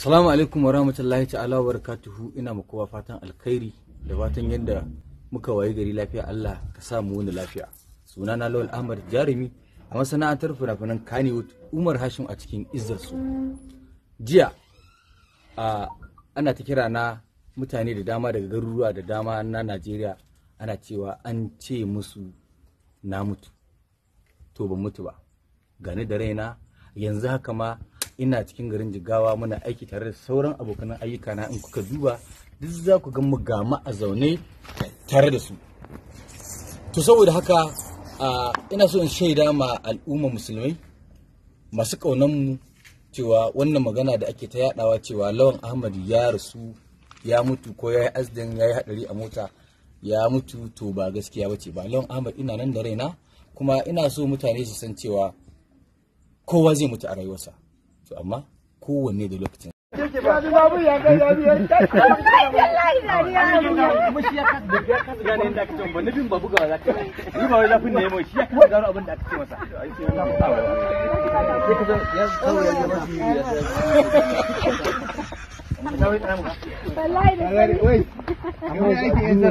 Salamu alaikum wa rahmatullahi ta'ala wa barakatuhu ina muku kowa fatan alkhairi da fatan yadda muka wayi gari lafiya Allah ka sa mu wani lafiya. Suna na Lawal Ahmad Jarumi a masana'antar fina-finan Kannywood Umar Hashim a cikin izzarsu. Jiya a ana ta kira na mutane da dama daga garuruwa da dama na Najeriya ana cewa an ce musu na mutu. To ba mutu ba. Gani da raina yanzu haka ma ina cikin garin jigawa muna aiki tare da sauran abokan ayyuka na in kuka duba duk za ku ga mu ga a zaune tare da su to saboda haka ina so in shaida ma al'umma musulmai masu kaunan mu cewa wannan magana da ake ta yadawa cewa lawan ahmad ya rasu ya mutu ko ya yi yayi ya yi hadari a mota ya mutu to ba gaskiya ba ce ba lawan ahmad ina nan da raina kuma ina so mutane su san cewa kowa zai mutu a rayuwarsa to amma kowanne da lokacin Wallahi da